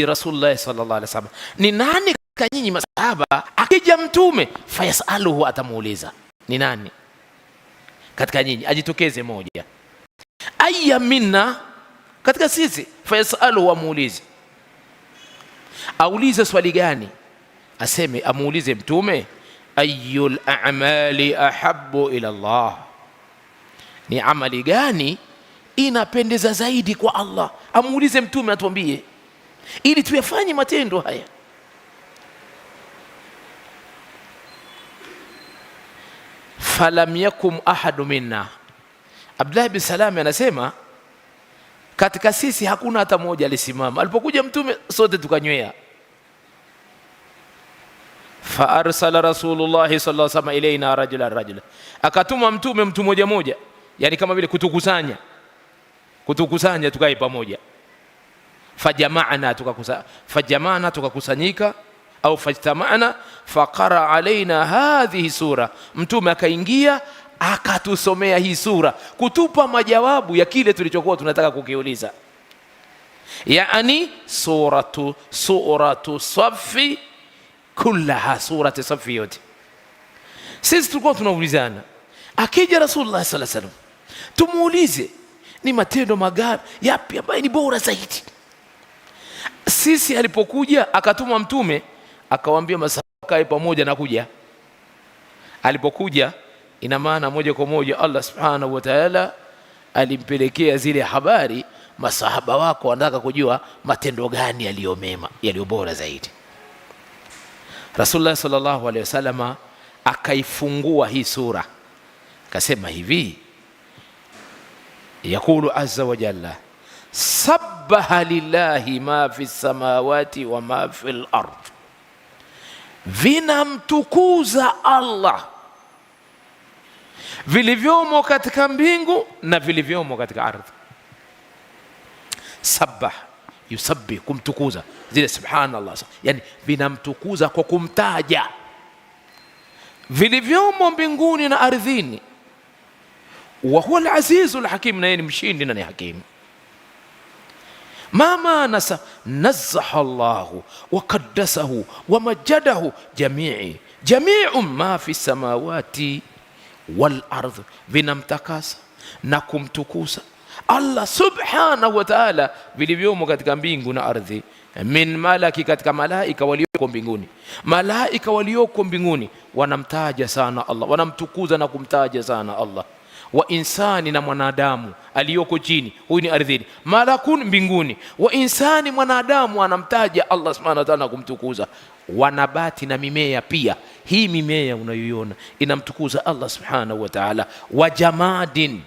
yati Rasulullah sallallahu alaihi wasallam. Ni nani katika nyinyi masahaba akija mtume fayasaluhu, atamuuliza ni nani katika nyinyi ajitokeze moja, aya minna katika sisi, fayasaluhu, amuulize aulize swali gani? Aseme amuulize mtume ayul a'mali ahabbu ila Allah, ni amali gani inapendeza zaidi kwa Allah? Amuulize mtume, atuambie ili tuyafanye matendo haya. falam yakum ahadu minna, Abdullah bin Salami anasema katika sisi hakuna hata mmoja alisimama. Alipokuja Mtume sote tukanywea. fa arsala rasulullahi sallallahu alaihi wasallam ilaina rajula rajula, akatuma Mtume mtu moja moja, yani kama vile kutukusanya, kutukusanya tukae pamoja fajamana tukakusa, fajamana tukakusanyika au fajtamana faqara alaina hadhihi sura, mtume akaingia akatusomea hii sura kutupa majawabu ya kile tulichokuwa tunataka kukiuliza, yaani suratu suratu safi kullaha, surati safi yote. Sisi tulikuwa tunaulizana, akija Rasulullah sallallahu alaihi wasallam tumuulize ni matendo magapi yapi ambayo ni bora zaidi sisi alipokuja akatuma mtume akawaambia masahaba kae pamoja na kuja. Alipokuja ina maana moja kwa moja Allah subhanahu wa ta'ala alimpelekea zile habari, masahaba wako wanataka kujua matendo gani yaliyo mema yaliyo bora zaidi. Rasulullah sallallahu alaihi wasallam akaifungua hii sura akasema hivi, yakulu azza wa jalla sab sabbaha lillahi ma fi samawati wa ma fi lard, vinamtukuza Allah vilivyomo katika mbingu na vilivyomo katika ardhi. Sabbah, yusabbih, kumtukuza zile subhanallah, yani vinamtukuza kwa kumtaja vilivyomo mbinguni na ardhini. Wa huwa al-azizu al-hakim, na yeye ni mshindi na ni hakimu mama nasa nazaha llahu wakaddasahu wamajadahu jamii jamiu ma fi samawati wal ardhi, vinamtakasa na kumtukuza Allah subhanahu wa ta'ala vilivyomo katika mbingu na ardhi. Min malaki, katika malaika walioko mbinguni. Malaika walioko mbinguni wanamtaja sana Allah, wanamtukuza na kumtaja sana Allah wa insani na mwanadamu aliyoko chini, huyu ni ardhini. Malakun mbinguni, wa insani mwanadamu, anamtaja Allah subhanahu wa ta'ala na kumtukuza. Wanabati na mimea pia, hii mimea unayoiona inamtukuza Allah subhanahu wa ta'ala. Wa jamadin,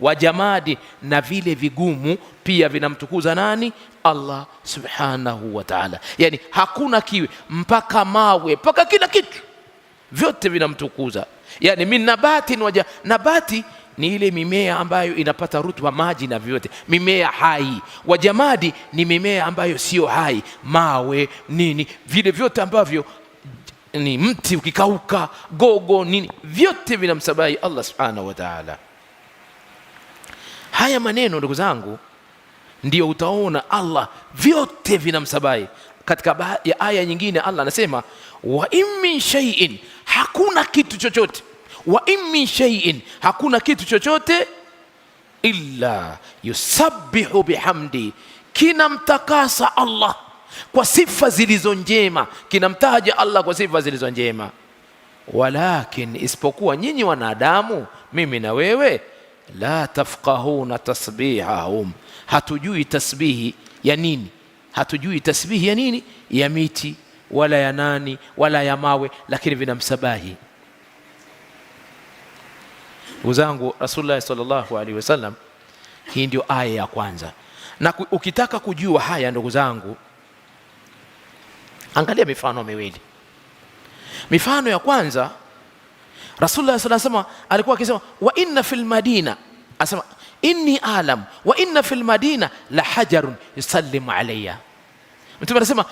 wa jamadi, na vile vigumu pia vinamtukuza nani? Allah subhanahu wa ta'ala. Yani hakuna kiwe mpaka mawe mpaka kila kitu vyote vinamtukuza. Yani min nabatin waja nabati ni ile mimea ambayo inapata rutuba, maji na vyote, mimea hai. Wajamadi ni mimea ambayo sio hai, mawe nini, vile vyote ambavyo ni mti ukikauka, gogo nini, vyote vinamsabai Allah subhanahu wa taala. Haya maneno ndugu zangu, ndio utaona Allah vyote vinamsabai Katika ya aya nyingine Allah anasema wa in min shay'in, hakuna kitu chochote wa in min shay'in, hakuna kitu chochote illa yusabbihu bihamdi, kinamtakasa Allah kwa sifa zilizo njema, kinamtaja Allah kwa sifa zilizo njema. Walakin, isipokuwa nyinyi wanadamu, mimi na wewe, la tafqahuna tasbihahum, hatujui tasbihi ya nini, hatujui tasbihi ya nini, ya miti wala ya nani wala ya mawe, lakini vinamsabahi Ndugu zangu, Rasulullah sallallahu alaihi wasallam, hii ndio aya ya kwanza. Na ukitaka kujua haya ndugu zangu, angalia mifano miwili. Mifano ya kwanza, Rasulullah sallallahu alaihi wasallam alikuwa akisema wa inna fil madina, asema inni alam wa inna fil madina la hajarun yusallimu alayya Mtume anasema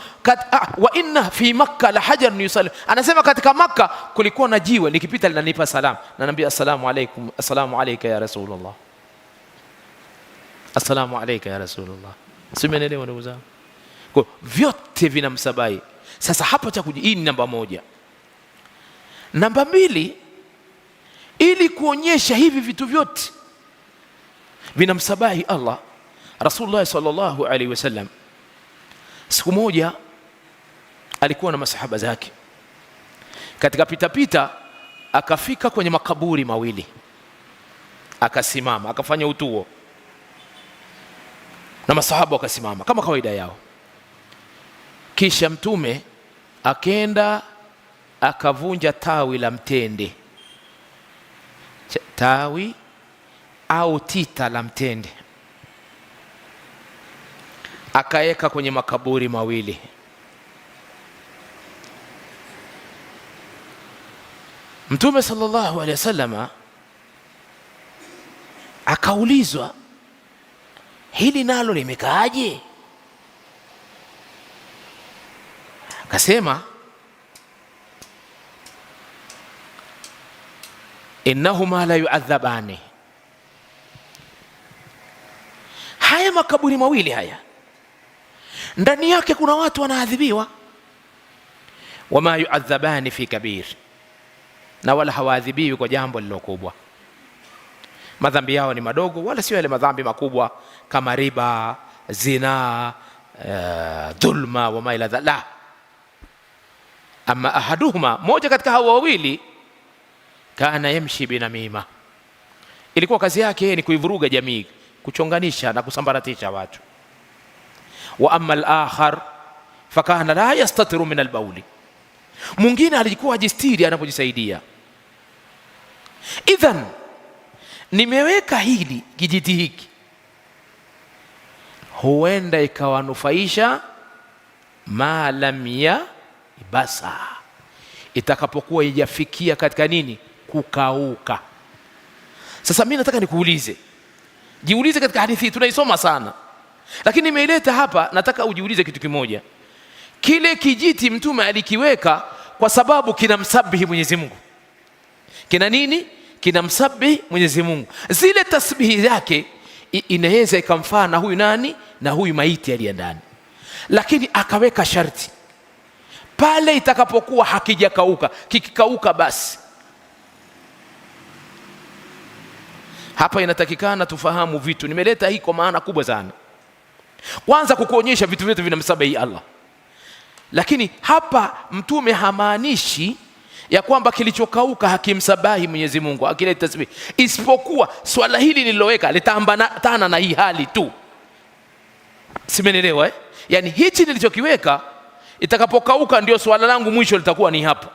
ah, wa inna fi makka la hajarun yusalli, anasema katika Makka kulikuwa na jiwe likipita linanipa salamu, na naambia assalamu alaykum, assalamu alayka ya rasulullah, assalamu alayka ya rasulullah. Simenelewa ndugu zangu, kwa vyote vinamsabai. Sasa hapo cha kuji, hii ni namba moja. Namba mbili, ili kuonyesha hivi vitu vyote vinamsabai Allah, Rasulullah sallallahu alaihi wasallam Siku moja alikuwa na masahaba zake, katika pitapita akafika kwenye makaburi mawili, akasimama akafanya utuo, na masahaba wakasimama kama kawaida yao. Kisha Mtume akenda akavunja tawi la mtende, tawi au tita la mtende akaweka kwenye makaburi mawili. Mtume sallallahu alaihi wasallama akaulizwa, hili nalo limekaaje? Akasema, innahuma la yuadhabani, haya makaburi mawili haya ndani yake kuna watu wanaadhibiwa, wama yuadhabani fi kabir, na wala hawaadhibiwi kwa jambo lilokubwa. Madhambi yao ni madogo, wala sio yale madhambi makubwa kama riba, zina eh, dhulma, wama ila la ama ahaduhuma, moja katika hao wawili, kana yamshi binamima, ilikuwa kazi yake ni kuivuruga jamii, kuchonganisha na kusambaratisha watu wa amma al-akhar fakana la yastatiru min al-bauli, mwingine alikuwa ajistiri anapojisaidia. Idhan nimeweka hili kijiti hiki, huenda ikawanufaisha ma lam ya basa, itakapokuwa ijafikia katika nini kukauka. Sasa mimi nataka nikuulize, jiulize katika hadithi tunaisoma sana lakini nimeileta hapa, nataka ujiulize kitu kimoja. Kile kijiti mtume alikiweka kwa sababu kinamsabihi Mwenyezi Mungu. Kina nini? Kinamsabihi Mwenyezi Mungu. Zile tasbihi yake inaweza ikamfaa na huyu nani na huyu maiti aliye ndani, lakini akaweka sharti pale itakapokuwa hakijakauka. Kikikauka basi hapa inatakikana tufahamu vitu. Nimeleta hii kwa maana kubwa sana kwanza kukuonyesha vitu vyote vinamsabihi Allah. Lakini hapa mtume hamaanishi ya kwamba kilichokauka hakimsabahi Mwenyezi Mungu, akileta tasbih, isipokuwa swala hili lililoweka litaambatana na hii hali tu, simenelewa eh? Yaani hichi nilichokiweka itakapokauka ndio swala langu mwisho litakuwa ni hapa.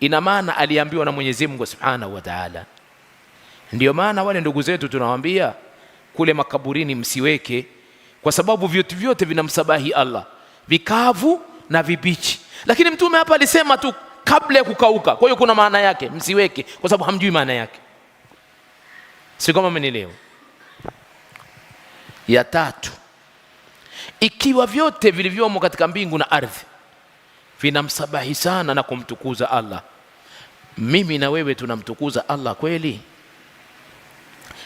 Ina maana aliambiwa na Mwenyezi Mungu Subhanahu wa Ta'ala. Ndio maana wale ndugu zetu tunawaambia kule makaburini, msiweke kwa sababu vyote vyote vinamsabahi Allah, vikavu na vibichi. Lakini mtume hapa alisema tu kabla ya kukauka. Kwa hiyo kuna maana yake, msiweke kwa sababu hamjui maana yake, si kama mmenielewa. Ya tatu, ikiwa vyote vilivyomo katika mbingu na ardhi vinamsabahi sana na kumtukuza Allah, mimi na wewe tunamtukuza Allah kweli?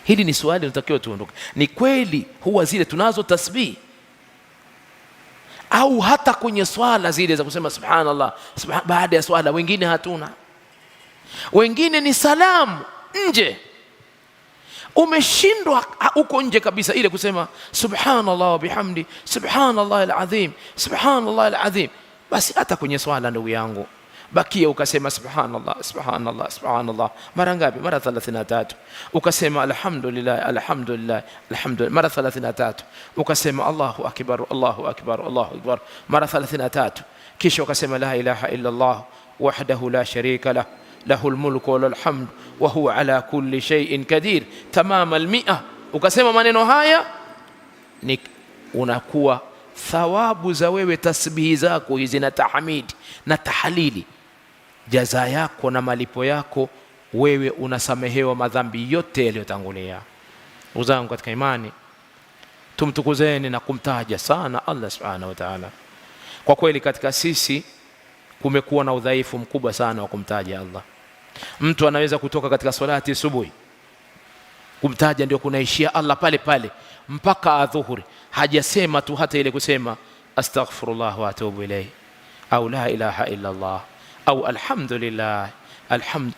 Hili ni swali linatakiwa tuondoke. Ni kweli huwa zile tunazo tasbihi au hata kwenye swala zile za kusema subhanallah subhan, baada ya swala wengine hatuna, wengine ni salamu nje, umeshindwa uko nje kabisa, ile kusema subhanallah wa bihamdi subhanallah alazim subhanallah alazim. Basi hata kwenye swala ndugu yangu bakia ukasema subhanallah subhanallah subhanallah mara ngapi mara 33 ukasema alhamdulillah alhamdulillah alhamdulillah mara 33 ukasema allahu akbar allahu akbar allahu akbar mara 33 kisha ukasema la ilaha illa allah wahdahu la sharika lah له الملك وله الحمد وهو على كل شيء قدير تمام المئة ukasema maneno haya ni unakuwa thawabu za wewe tasbihi zako hizi na tahamidi na tahalili jaza yako na malipo yako, wewe unasamehewa madhambi yote yaliyotangulia. Ndugu zangu katika imani, tumtukuzeni na kumtaja sana Allah subhanahu wa ta'ala. Kwa kweli katika sisi kumekuwa na udhaifu mkubwa sana wa kumtaja Allah. Mtu anaweza kutoka katika salati asubuhi kumtaja ndio kunaishia Allah pale pale mpaka adhuhuri, hajasema tu hata ile kusema astaghfirullah wa atubu ilayhi au la ilaha illa Allah au alhamdulillah alhamd,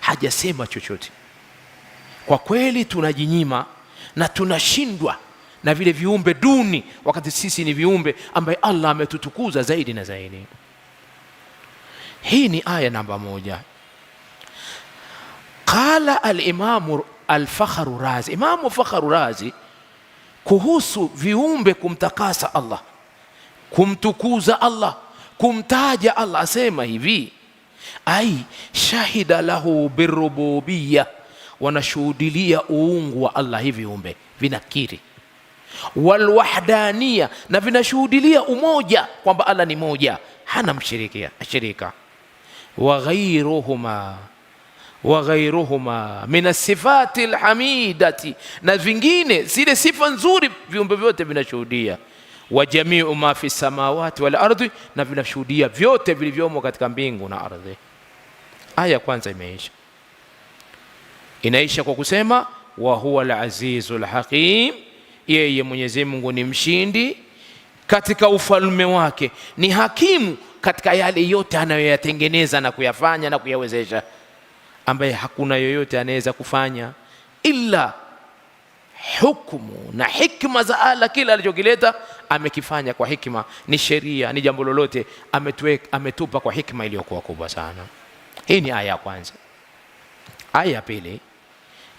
hajasema chochote. Kwa kweli tunajinyima na tunashindwa na vile viumbe duni, wakati sisi ni viumbe ambaye Allah ametutukuza zaidi na zaidi. Hii ni aya namba moja. Qala alimamu alfakhru Razi, Imamu Fakhru Razi kuhusu viumbe kumtakasa Allah, kumtukuza Allah kumtaja Allah, asema hivi ai shahida lahu birububiya, wanashuhudilia uungu wa Allah hivi umbe vinakiri walwahdania na vinashuhudilia umoja kwamba Allah ni moja, hana mshirika. wa ghairuhuma wa min asifati alhamidati, na vingine zile sifa nzuri viumbe vyote vinashuhudia wa jamiu ma fi samawati wal ardhi, na vinashuhudia vyote vilivyomo katika mbingu na ardhi. Aya ya kwanza imeisha, inaisha kwa kusema wa huwa al hakim yeye Mwenyezi Mungu ni mshindi katika ufalme wake, ni hakimu katika yale yote anayoyatengeneza na kuyafanya na kuyawezesha, ambaye hakuna yoyote anaweza kufanya ila hukumu na hikma za Allah kila alichokileta amekifanya kwa hikima, ni sheria, ni jambo lolote ametupa kwa hikima iliyokuwa kubwa sana. Hii ni aya ya kwanza. Aya ya pili,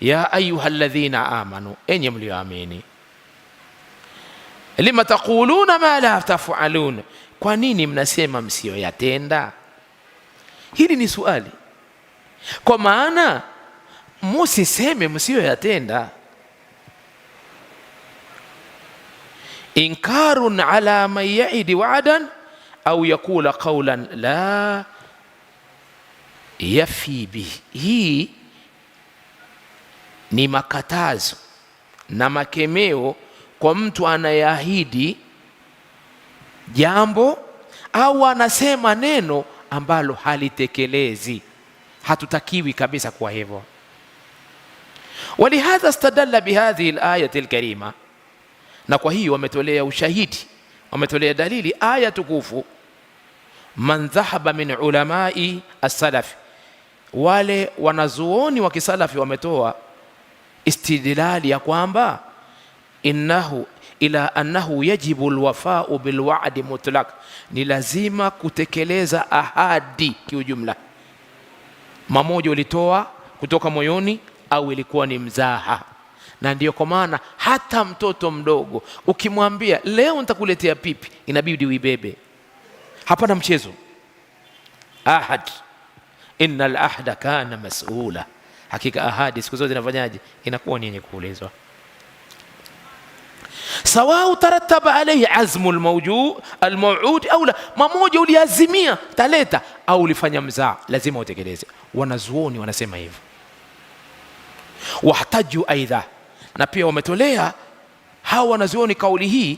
ya ayyuhalladhina amanu, enye mlioamini, lima taquluna ma la tafalun, kwa nini mnasema msiyoyatenda? Hili ni suali, kwa maana musiseme msiyoyatenda. inkarun ala man yaidi waadan au yakula qaulan la yafi bihi. Hii ni makatazo na makemeo kwa mtu anayeahidi jambo au anasema neno ambalo halitekelezi. Hatutakiwi kabisa kuwa hivyo. Walihadha stadalla bihadhihi alayati alkarima na kwa hiyo wametolea ushahidi, wametolea dalili aya tukufu, man dhahaba min ulamai as wale wanazuoni wa kisalafi wametoa istidlali ya kwamba innahu ila annahu yajibu alwafau bilwa'di mutlaq, ni lazima kutekeleza ahadi kiujumla. Mamoja ulitoa kutoka moyoni au ilikuwa ni mzaha na ndiyo kwa maana hata mtoto mdogo ukimwambia leo nitakuletea pipi, inabidi uibebe, hapana mchezo. Ahad, inna al-ahda kana mas'ula, hakika ahadi siku zote inafanyaje? Inakuwa ni yenye kuulizwa. Sawau tarataba alayhi azmu almauudi au la, mamoja uliazimia taleta au ulifanya mzaa, lazima utekeleze. Wanazuoni wanasema hivyo, wahtaju aidha na pia wametolea hawa wanazuoni kauli hii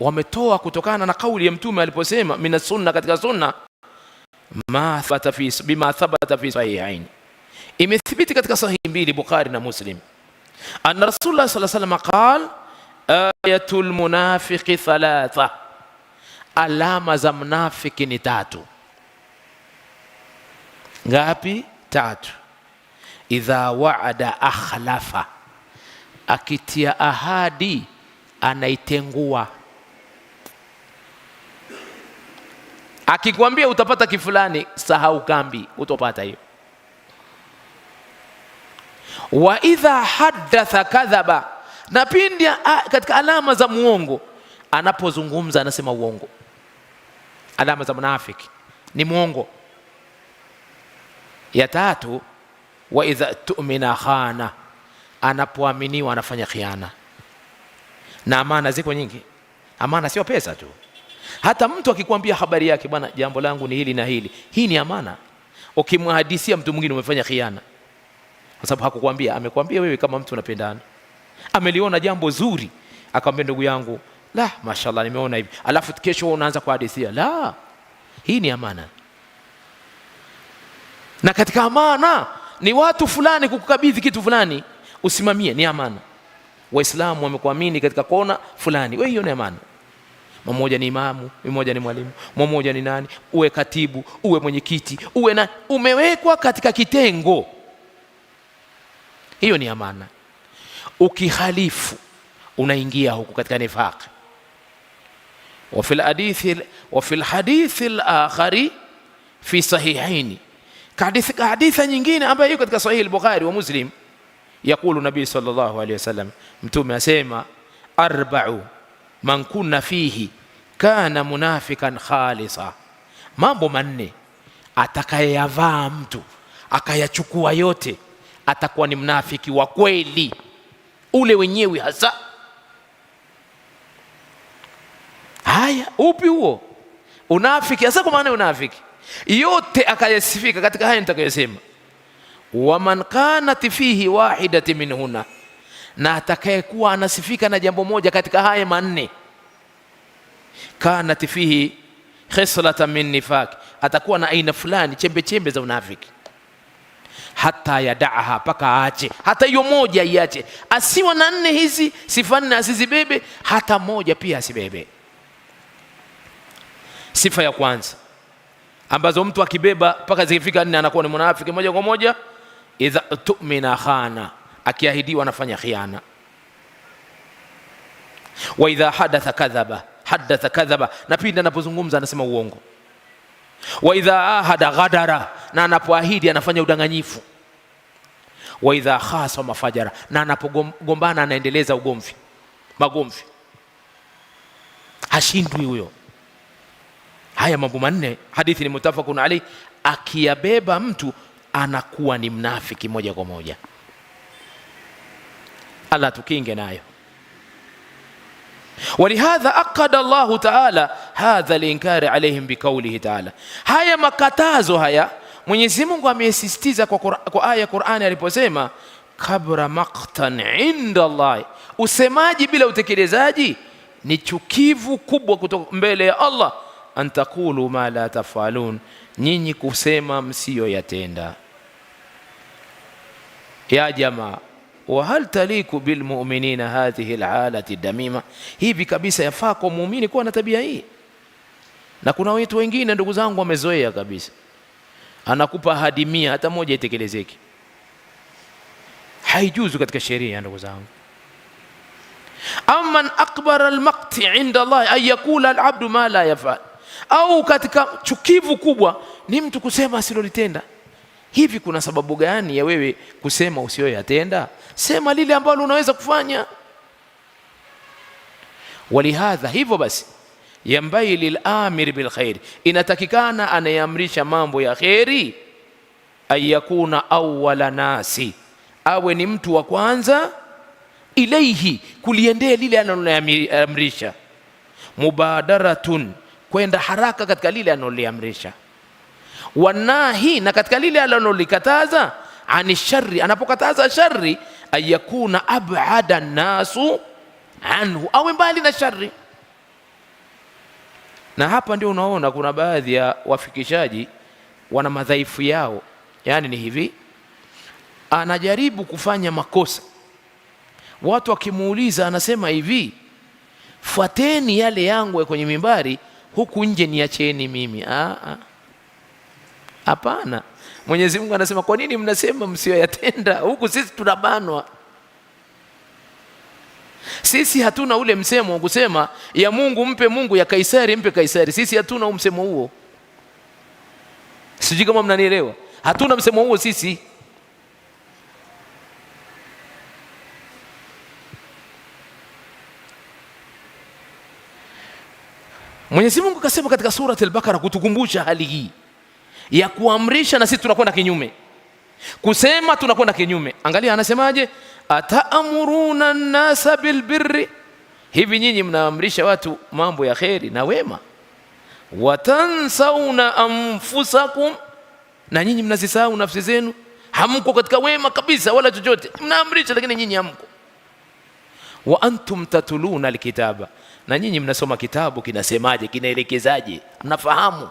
wametoa kutokana na kauli ya mtume aliposema mina sunna, katika sunna ma thabata fi bima thabata fi sahihain, imethibiti katika sahihi mbili Bukhari na Muslim, anna rasulullah sallallahu alaihi wasallam qala ayatul munafiqi thalatha, alama za mnafiki ni tatu. Ngapi? Tatu. Idha waada akhlafa akitia ahadi anaitengua. Akikwambia utapata kifulani, sahau kambi, utopata hiyo. Wa idha haddatha kadhaba, na pindi katika alama za muongo, anapozungumza anasema uongo. Alama za mnafiki ni muongo. Ya tatu, wa idha tumina khana anapoaminiwa anafanya khiana, na amana ziko nyingi. Amana sio pesa tu, hata mtu akikwambia habari yake, bwana, jambo langu ni hili na hili, hii ni amana. Ukimhadisia mtu mwingine umefanya khiana, kwa sababu hakukwambia, amekwambia wewe. Kama mtu unapendana, ameliona jambo zuri, akamwambia ndugu yangu, la, mashallah, nimeona hivi, alafu kesho unaanza kuhadisia. la, hii ni amana. Na katika amana ni watu fulani kukukabidhi kitu fulani usimamie, ni amana. Waislamu wamekuamini katika kona fulani, wewe hiyo ni amana. Mmoja ni imamu, mmoja ni mwalimu, mmoja ni nani, uwe katibu, uwe mwenyekiti, uwe na, umewekwa katika kitengo, hiyo ni amana. Ukihalifu unaingia huku katika nifaqi. Wa fil hadithi al-akhari fi sahihaini, hadithi nyingine ambayo iko katika sahihi al-Bukhari wa Muslim Yaqulu nabii sallallahu alayhi wasallam, mtume asema arba'u man kunna fihi kana munafikan khalisa, mambo manne atakayeyavaa mtu akayachukua yote atakuwa ni mnafiki wa kweli ule wenyewe hasa. Haya, upi huo unafiki hasa? Kwa maana unafiki yote akayasifika katika haya nitakayosema waman kanat fihi wahidati minhuna, na atakayekuwa anasifika na jambo moja katika haya manne, kanat fihi khislata min nifaq, atakuwa na aina fulani chembe chembe za unafiki, hata yadaaha, mpaka aache hata hiyo moja iache, asiwa na nne hizi sifa nne asizibebe, hata moja pia asibebe. Sifa ya kwanza ambazo mtu akibeba mpaka zikifika nne anakuwa ni mwanafiki moja kwa moja idha tumina khana, akiahidiwa anafanya khiana. Wa idha hadatha kadhaba, hadatha kadhaba, na pindi anapozungumza anasema uongo. Wa idha ahada ghadara, na anapoahidi anafanya udanganyifu. Wa idha khasa mafajara, na anapogombana anaendeleza ugomvi, magomvi, hashindwi huyo. Haya mambo manne hadithi ni mutafakun alaihi, akiyabeba mtu anakuwa ni mnafiki moja kwa moja. Allah tukinge nayo. Walihadha akada Allahu taala hadha linkari alaihim biqaulihi taala, haya makatazo haya Mwenyezi Mungu amesisitiza kwa, kwa aya ya Qur'ani aliposema kabra maqtan inda Allah, usemaji bila utekelezaji ni chukivu kubwa kutoka mbele ya Allah, antakulu ma la tafalun nyinyi kusema msiyoyatenda. Ya jamaa, wa hal taliku bilmuminina hadhihi alalati damima, hivi kabisa yafaa kwa muumini kuwa na tabia hii? Na kuna watu wengine ndugu zangu wamezoea kabisa, anakupa ahadi mia, hata moja itekelezeki. Haijuzu katika sheria, ndugu zangu. Amman akbara almaqti inda Allah an yakula alabdu ma la yafal au katika chukivu kubwa ni mtu kusema asilolitenda. Hivi kuna sababu gani ya wewe kusema usiyoyatenda? Sema lile ambalo unaweza kufanya. Walihadha, hivyo basi yambai lilamiri bilkhairi, inatakikana anayeamrisha mambo ya kheri ayakuna awwala nasi, awe ni mtu wa kwanza ilaihi, kuliendea lile analoamrisha mubadaratun kwenda haraka katika lile analoliamrisha, wanahi, na katika lile analolikataza, ani shari, anapokataza shari, ayakuna abada nasu anhu, awe mbali na shari. Na hapa ndio unaona kuna baadhi ya wafikishaji wana madhaifu yao, yaani ni hivi, anajaribu kufanya makosa, watu wakimuuliza anasema hivi, fuateni yale yangu ya kwenye mimbari huku nje niacheni mimi. Ah, ah. Hapana, Mwenyezi Mungu anasema, kwa nini mnasema msiyoyatenda? Huku sisi tunabanwa, sisi hatuna ule msemo wa kusema ya Mungu mpe Mungu, ya Kaisari mpe Kaisari. Sisi hatuna huo msemo huo, sijui kama mnanielewa. Hatuna msemo huo sisi. Mwenyezi Mungu kasema katika surati Al-Baqara kutukumbusha hali hii ya kuamrisha na sisi tunakwenda kinyume, kusema tunakwenda kinyume. Angalia anasemaje, ataamuruna nnasa bilbirri, hivi nyinyi mnaamrisha watu mambo ya kheri na wema. Watansauna anfusakum, na nyinyi mnazisahau nafsi zenu, hamko katika wema kabisa wala chochote. Mnaamrisha lakini nyinyi hamko. Wa antum tatuluna alkitaba na nyinyi mnasoma kitabu kinasemaje, kinaelekezaje, mnafahamu.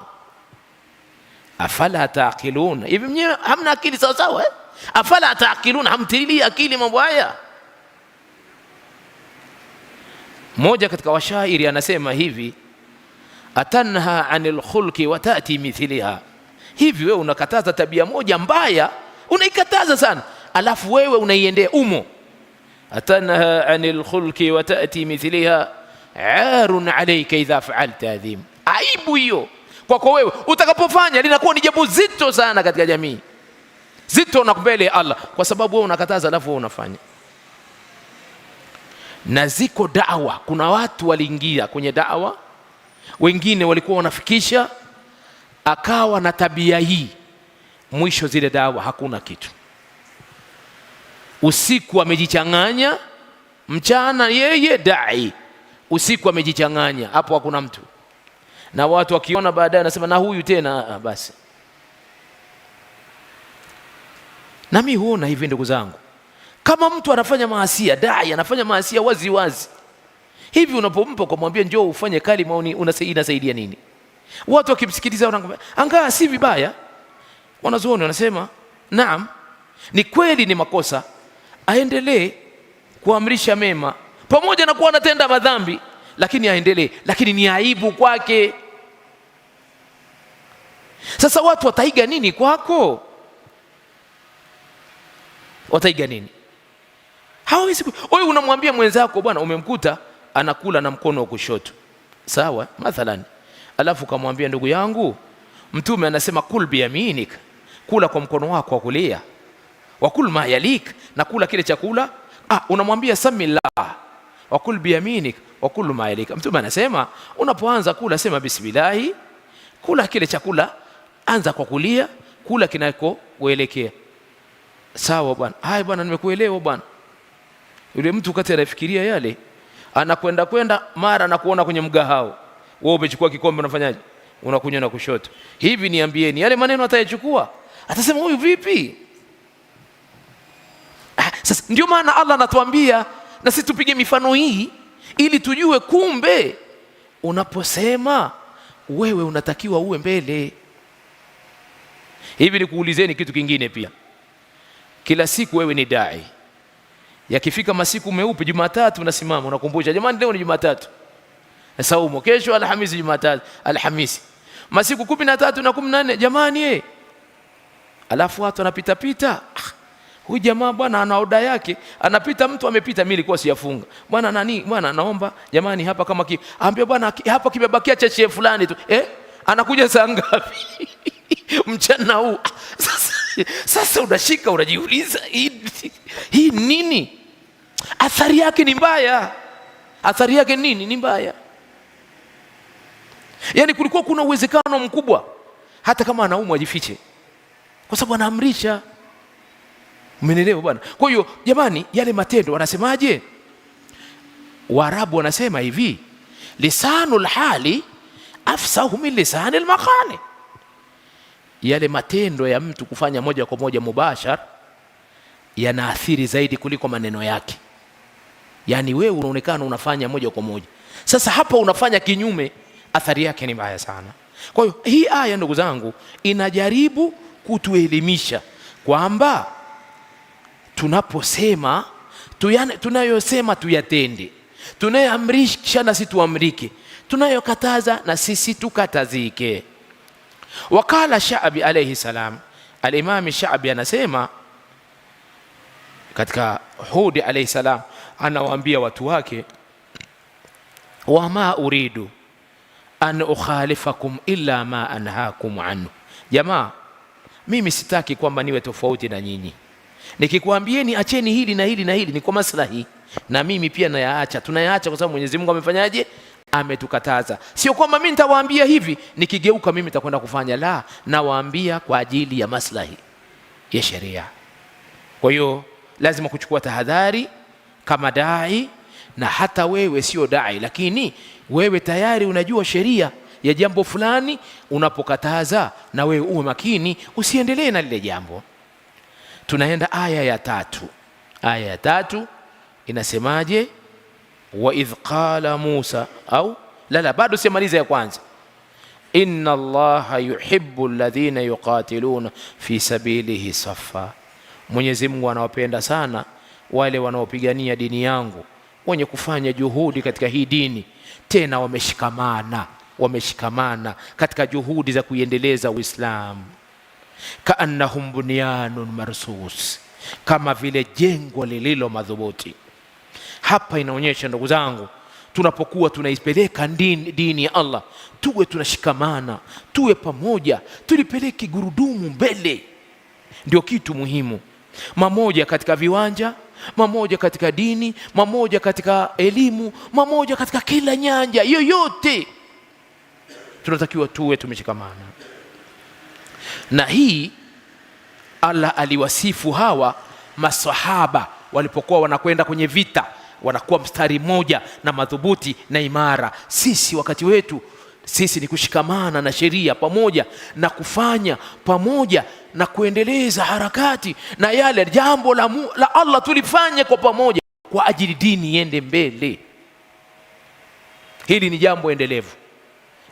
Afala taaqilun, hivi mnyewe hamna akili sawa sawa eh? Afala taaqilun, hamtilii akili mambo haya. Mmoja katika washairi anasema hivi, atanha anil khulqi wa taati mithliha. Hivi wewe unakataza tabia moja mbaya, unaikataza sana, alafu wewe unaiendea umo. Atanha anil khulqi wa taati mithliha arun alaika idha faalta adhim, aibu hiyo kwako wewe utakapofanya linakuwa ni jambo zito sana katika jamii, zito na mbele ya Allah, kwa sababu wewe unakataza alafu wewe unafanya. Na ziko dawa, kuna watu waliingia kwenye dawa, wengine walikuwa wanafikisha, akawa na tabia hii, mwisho zile dawa hakuna kitu. Usiku amejichanganya, mchana yeye dai usiku amejichanganya, hapo hakuna mtu, na watu wakiona baadaye wanasema na huyu tena. Ah, ah basi na huona hivi ndugu zangu, kama mtu anafanya maasia, dai anafanya maasia wazi wazi hivi, unapompa kumwambia njoo ufanye maoni, inasaidia nini? Watu wakimsikiliza angaa si vibaya. Wanazuoni wanasema naam, ni kweli, ni makosa, aendelee kuamrisha mema pamoja na kuwa anatenda madhambi, lakini aendelee, lakini ni aibu kwake. Sasa watu wataiga nini kwako? Wataiga nini? Hawawezi. Wewe unamwambia mwenzako, bwana, umemkuta anakula na mkono wa kushoto, sawa mathalan, alafu ukamwambia ndugu yangu, Mtume anasema kul biyaminik, kula kwa mkono wako wa kulia, wakul ma yalik, na kula kile chakula. Ah, unamwambia samillah wakul biyaminik wakulu ma yalika. Mtume anasema unapoanza kula sema bismillahi, kula kile chakula, anza kwa kulia, kula kinakokuelekea. Sawa bwana, Hai bwana, nimekuelewa bwana. Yule mtu kati anafikiria yale, anakwenda kwenda, mara anakuona kwenye mgahao, wewe umechukua kikombe, unafanyaje? Unakunywa na kushoto hivi. Niambieni, yale maneno atayachukua, atasema huyu vipi? Ah, Sasa ndio maana Allah anatuambia na sisi tupige mifano hii ili tujue, kumbe unaposema wewe unatakiwa uwe mbele. Hivi nikuulizeni kitu kingine pia, kila siku wewe ni dai, yakifika masiku meupe, Jumatatu unasimama unakumbusha, jamani, leo ni Jumatatu saumo kesho Alhamisi, Jumatatu Alhamisi, masiku kumi na tatu na kumi na nne jamani, eh, alafu watu wanapitapita ah, Huyu jamaa bwana ana oda yake, anapita mtu amepita, mimi nilikuwa siyafunga. Bwana nani? Bwana naomba jamani, hapa kama ki ambia bwana hapa kimebakia cheche fulani tu. Eh? Anakuja saa ngapi? Mchana huu. Ah, sasa, sasa unashika unajiuliza hii, hi, nini? Athari yake ni mbaya. Athari yake nini? Ni mbaya. Yaani kulikuwa kuna uwezekano mkubwa hata kama anaumwa ajifiche, kwa sababu anaamrisha Umenielewa bwana? Kwa hiyo jamani, yale matendo wanasemaje? Waarabu wanasema hivi, lisanul hali afsahu min lisanil maqali, yale matendo ya mtu kufanya moja kwa moja mubashara yanaathiri zaidi kuliko maneno yake. Yaani wewe unaonekana unafanya moja kwa moja, sasa hapa unafanya kinyume, athari yake ni mbaya sana. Kwa hiyo hii aya, ndugu zangu, inajaribu kutuelimisha kwamba tunaposema tuyane, tunayosema tuyatende, tunayoamrisha na sisi tuamrike, tunayokataza na sisi tukatazike. Wakala Shaabi alayhi salam, alimami Shaabi anasema katika Hudi alayhi salam, anawaambia watu wake, wama uridu an ukhalifakum illa ma anhaakum anhu, jamaa, mimi sitaki kwamba niwe tofauti na nyinyi Nikikwambieni acheni hili na hili na hili, ni kwa maslahi na mimi pia nayaacha, tunayaacha kwa sababu Mwenyezi Mungu amefanyaje? Ametukataza. Sio kwamba mimi nitawaambia hivi, nikigeuka mimi nitakwenda kufanya la, nawaambia kwa ajili ya maslahi ya sheria. Kwa hiyo lazima kuchukua tahadhari kama dai, na hata wewe sio dai, lakini wewe tayari unajua sheria ya jambo fulani, unapokataza na wewe uwe makini, usiendelee na lile jambo. Tunaenda aya ya tatu. Aya ya tatu inasemaje? wa idh qala Musa au la la, bado simaliza ya kwanza. inna Allaha yuhibbu alladhina yuqatiluna fi sabilihi safa, Mwenyezi Mungu anawapenda sana wale wanaopigania dini yangu, wenye kufanya juhudi katika hii dini, tena wameshikamana, wameshikamana katika juhudi za kuiendeleza Uislamu kaannahum bunyanun marsus, kama vile jengo lililo madhubuti. Hapa inaonyesha ndugu zangu, tunapokuwa tunaipeleka dini, dini ya Allah, tuwe tunashikamana, tuwe pamoja, tulipeleke gurudumu mbele. Ndio kitu muhimu, mamoja katika viwanja, mamoja katika dini, mamoja katika elimu, mamoja katika kila nyanja yoyote, tunatakiwa tuwe tumeshikamana na hii Allah aliwasifu hawa masahaba walipokuwa wanakwenda kwenye vita, wanakuwa mstari mmoja na madhubuti na imara. Sisi wakati wetu sisi ni kushikamana na sheria pamoja na kufanya pamoja na kuendeleza harakati na yale jambo la, mu, la Allah tulifanye kwa pamoja kwa ajili dini iende mbele. Hili ni jambo endelevu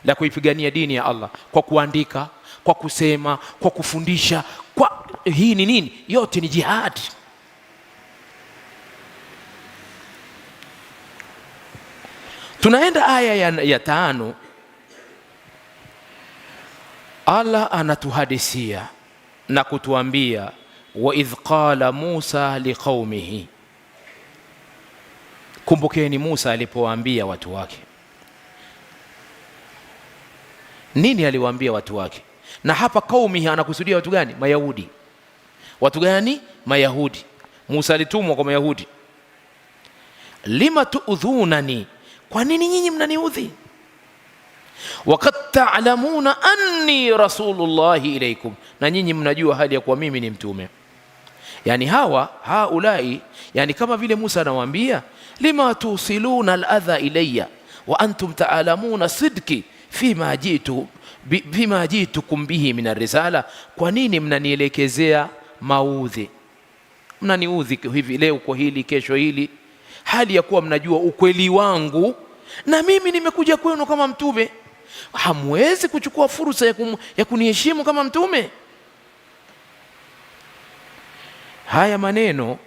la kuipigania dini ya Allah kwa kuandika kwa kusema, kwa kufundisha, kwa hii ni nini? Yote ni jihadi. Tunaenda aya ya, ya tano. Allah anatuhadisia na kutuambia waidh qala Musa liqaumihi, kumbukeni Musa alipowaambia watu wake. Nini aliwaambia watu wake? na hapa kaumihi anakusudia watu gani? Mayahudi. Watu gani? Mayahudi. Musa alitumwa kwa Mayahudi. lima tuudhunani, kwa nini nyinyi mnaniudhi? wakad taalamuna anni rasulullahi ilaikum, na nyinyi mnajua hali ya kuwa mimi ni mtume. Yani hawa haulai, yani kama vile Musa anawaambia lima tusiluna aladha ilayya wa antum taalamuna sidki fima jitu bima jitukum bihi min arrisala, kwa nini mnanielekezea maudhi? Mnaniudhi hivi leo kwa hili, kesho hili, hali ya kuwa mnajua ukweli wangu na mimi nimekuja kwenu kama mtume. Hamwezi kuchukua fursa ya, ya kuniheshimu kama mtume. Haya maneno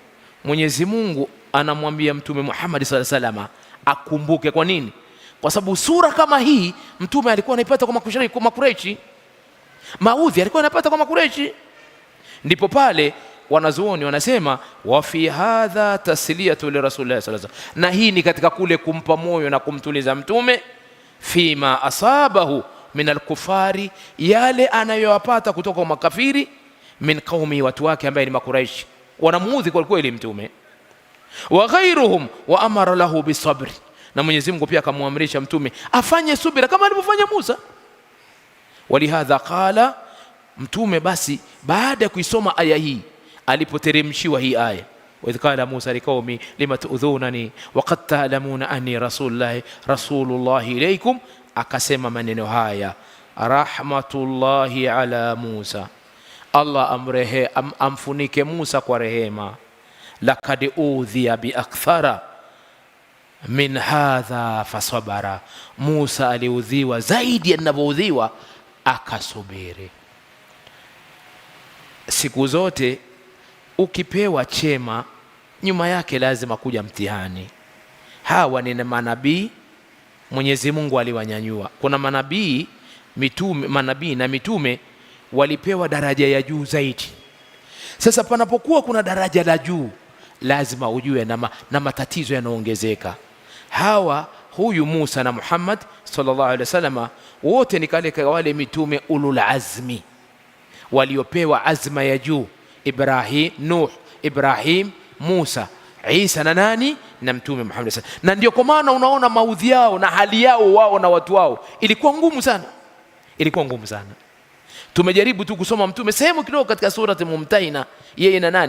Mwenyezi Mungu anamwambia Mtume Muhammad sallallahu alaihi wasallam akumbuke. Kwa nini? kwa sababu sura kama hii mtume alikuwa anaipata kwa makushari, kwa Makureshi. Maudhi alikuwa anapata kwa Makureshi. Ndipo pale wanazuoni wanasema wa fi hadha tasliyatu li rasulillahi sallallahu alaihi wasallam, na hii ni katika kule kumpa moyo na kumtuliza mtume fima asabahu min alkufari, yale anayoyapata kutoka kwa makafiri min qaumi, watu wake ambaye ni Makuraishi wanamuudhi kwa kweli mtume wa ghairuhum wa amara lahu bisabri na Mwenyezi Mungu pia akamwamrisha mtume afanye subira kama alivyofanya Musa. Walihadha qala mtume, basi baada ya kuisoma aya hii alipoteremshiwa hii aya wa idh qala Musa liqaumi lima tuudhunani waqad taalamuna anni rasulullahi rasulullahi ilaikum, akasema maneno haya rahmatullahi ala Musa, Allah amrehe, am, amfunike Musa kwa rehema. Lakad udhiya biakthara min hadha fasabara, Musa aliudhiwa zaidi anavyoudhiwa akasubiri. Siku zote ukipewa chema, nyuma yake lazima kuja mtihani. Hawa ni manabii Mwenyezi Mungu aliwanyanyua. Kuna manabii mitume, manabii na mitume walipewa daraja ya juu zaidi. Sasa panapokuwa kuna daraja la juu, lazima ujue na, ma, na matatizo yanaongezeka hawa huyu Musa na Muhammad sallallahu alaihi wasallam wote ni kale wale mitume ulul azmi waliopewa azma ya juu, Ibrahim, Nuh, Ibrahim, Musa, Isa na nani na mtume Muhammad sallallahu alaihi wasallam. Na ndio kwa maana unaona maudhi yao na hali yao wao na watu wao ilikuwa ngumu sana, ilikuwa ngumu sana. Tumejaribu tu kusoma mtume sehemu kidogo katika surati Mumtahina, yeye na nani